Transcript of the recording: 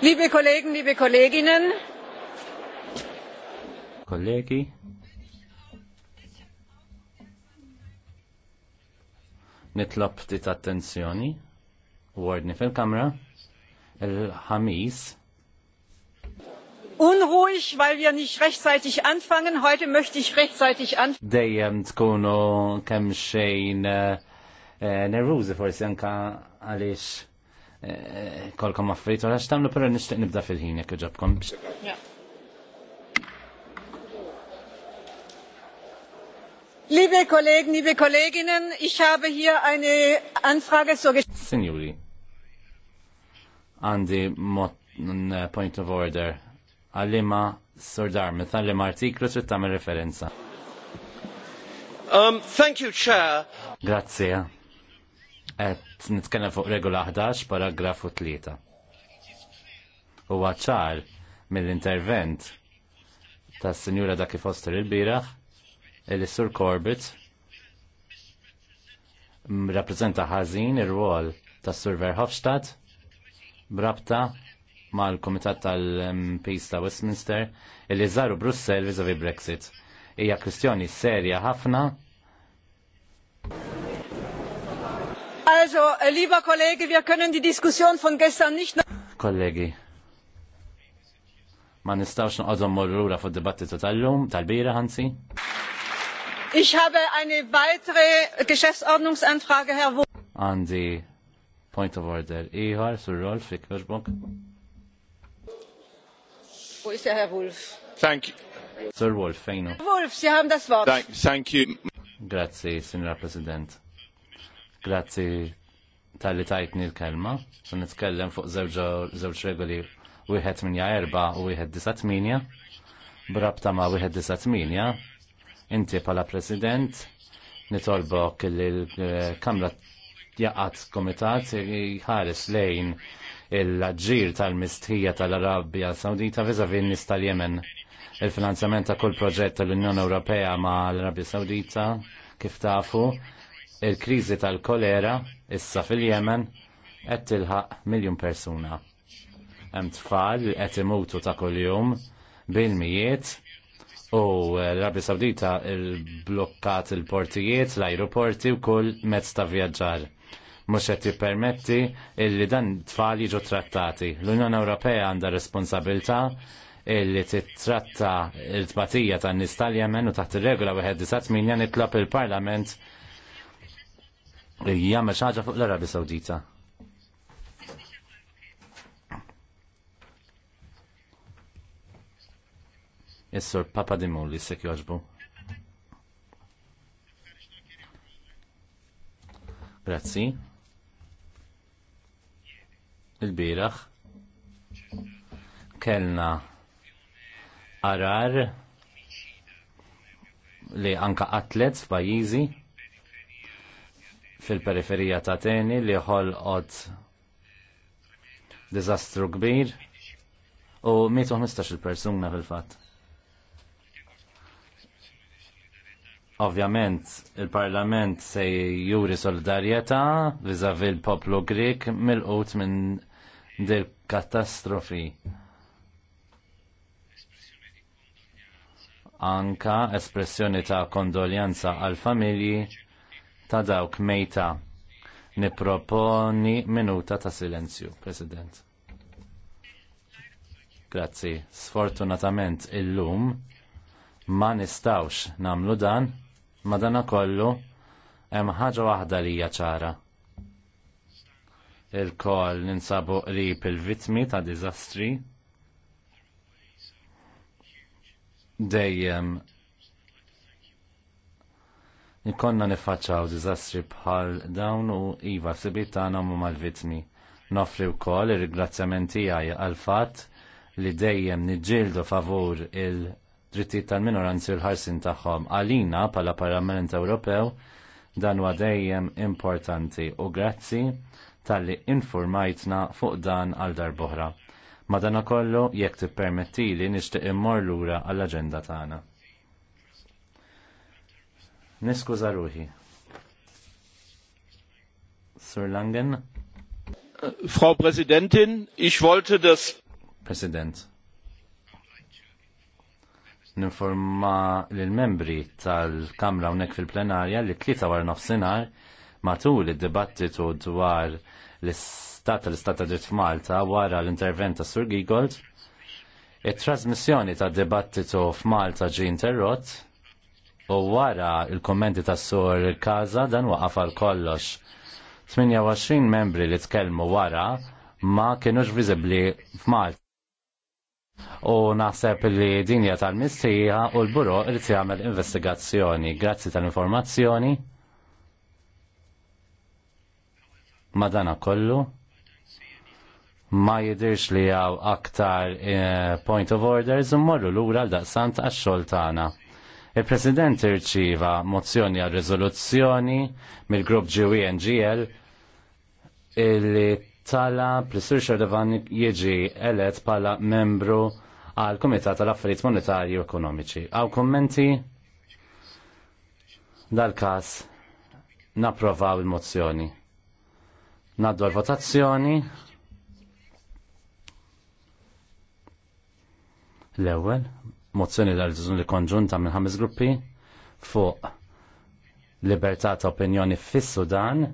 Liebe Kollegen, liebe Kolleginnen. Kollegi. Nitlab dit attenzjoni u ordni fil-kamra il-ħamis. Unruhig, weil wir nicht rechtzeitig anfangen. Heute möchte ich rechtzeitig anfangen. Dejjem tkunu kemm xejn eh, eh, nervużi forsi anka għaliex kolkom affrit għal għaxtamlu, pero nistaq nibda fil-ħin jekk ġabkom. Liebe Kollegen, liebe Kolleginnen, ich habe hier eine Anfrage zur Signori, an għandi point of order għallima sordar, mitallim artiklu trid tagħmel referenza. Um, thank you, Chair. Grazie. Et eh, nitkellem fuq regola 11 paragrafu 3. Huwa ċar mill-intervent tas sinjura Daki Foster il-biraħ il-Sur Corbett rappresenta ħażin ir-rwol tas Sur Verhofstadt brabta mal-Komitat tal-Peace ta' Westminster illi żaru Brussel vis-a-vis Brexit. Hija kwistjoni serja ħafna Also, äh, lieber Kollege, wir können die Diskussion von gestern nicht... Kollegi, ma nistawx nqodhom morrura fuq dibattitu tal-lum, tal-bira ħansi. Ich habe eine weitere Geschäftsordnungsanfrage, Herr Wo. Għandi point of order. Iħar, sur Rolf, ikkerġbok. Wo ist der Herr Wolf? Thank you. Sir Wolf, fejnu. Wolf, Sie haben das Wort. Thank, thank you. Grazie, Signora President. Grazie tal-li tajtni l-kelma, sun nitkellem fuq zewġ regoli wieħed minja erba u wieħed disat minja, brabta ma wieħed disat minja, inti pala president nitolbok kelli l-Kamra jaqat komitat jħares lejn il-ġir tal-mistħija tal-Arabja Sawdita viza n-nis tal-Jemen. Il-finanzjament ta' kull proġett tal-Unjoni Ewropea ma' l-Arabja Sawdita kif tafu il-kriżi tal-kolera issa fil yemen qed tilħaq miljun persuna. Hemm tfal li qed imutu ta' kuljum bil-mijiet u l-Arabja Sawdita il-blokkat il-portijiet, l-ajruporti u kull mezz ta' vjaġġar. Mhux qed jippermetti illi dan tfal jiġu trattati. L-Unjoni Ewropea għandha responsabilità illi titratta il-tbatija tan nies tal-Jemen u taħt ir-regola wieħed 19 nitlob il-Parlament jagħmel xi fuq l-Arabi Sawdita. Is-sur Papa Dimulli se jogħġbu. Grazzi. Il-biraħ kellna arar li anka atlet f'pajjiżi fil-periferija ta' teni li ħolqot dizastru kbir u 115 il-persuna fil-fatt. Ovvjament, il-Parlament se juri solidarjetà vizavi l-poplu Grek mil qut minn dil katastrofi. Anka espressjoni ta' kondoljanza għal familji ta' dawk mejta niproponi minuta ta' silenzju, President. Grazzi. Sfortunatament illum ma nistawx namlu dan, dan kollu hemm ħaġa waħda li hija ċara. Il-koll ninsabu qrib il-vitmi ta' diżastri dejjem Ikonna nifacċaw dizastri bħal dawn u Iva sibit tagħna huma mal-vitmi. Nofri wkoll ir ringrazzjamenti għaj għal-fatt li dejjem niġġieldu favur il-drittijiet tal-minoranzi u l-ħarsin tagħhom. Għalina bħala Parlament Ewropew dan huwa dejjem importanti u grazzi tal-li informajtna fuq dan għal darbohra. Madanakollu jekk tippermettili nixtieq immor lura għall-aġenda tagħna. Niskuża ruħi. Sir Langen? Frau Präsidentin, ich wollte das... Präsident. Ninforma l-membri tal-Kamra unnek fil-plenarja li tlita war nofsinar matul id-dibattitu dwar l-istat tal-istat ta' f'Malta wara l-intervent ta' Sur Gigold. it trasmissjoni ta' dibattitu f'Malta ġi interrott U wara il-kommenti tas sur Kaza dan waqaf għal kollox. 28 membri li tkellmu wara ma kienux viżibbli f'Malta. U naħseb li dinja tal-mistrija u l-buro li jagħmel investigazzjoni. Grazzi tal-informazzjoni. Madana kollu. Ma jidirx li għaw aktar eh, point of orders u morru l-ura l-daqsant għax-xoltana. Il-President irċiva mozzjoni għal rezoluzzjoni mill-grupp GWNGL e illi tala Plisur Xardavan jieġi elet pala membru għal Komitat tal-Affarijiet u Ekonomiċi. Għaw kommenti dal-kas naprovaw il-mozzjoni. Naddu għal-votazzjoni. L-ewel, mozzjoni tal-ġizun li konġunta minn ħames gruppi fuq libertà ta' opinjoni fis-Sudan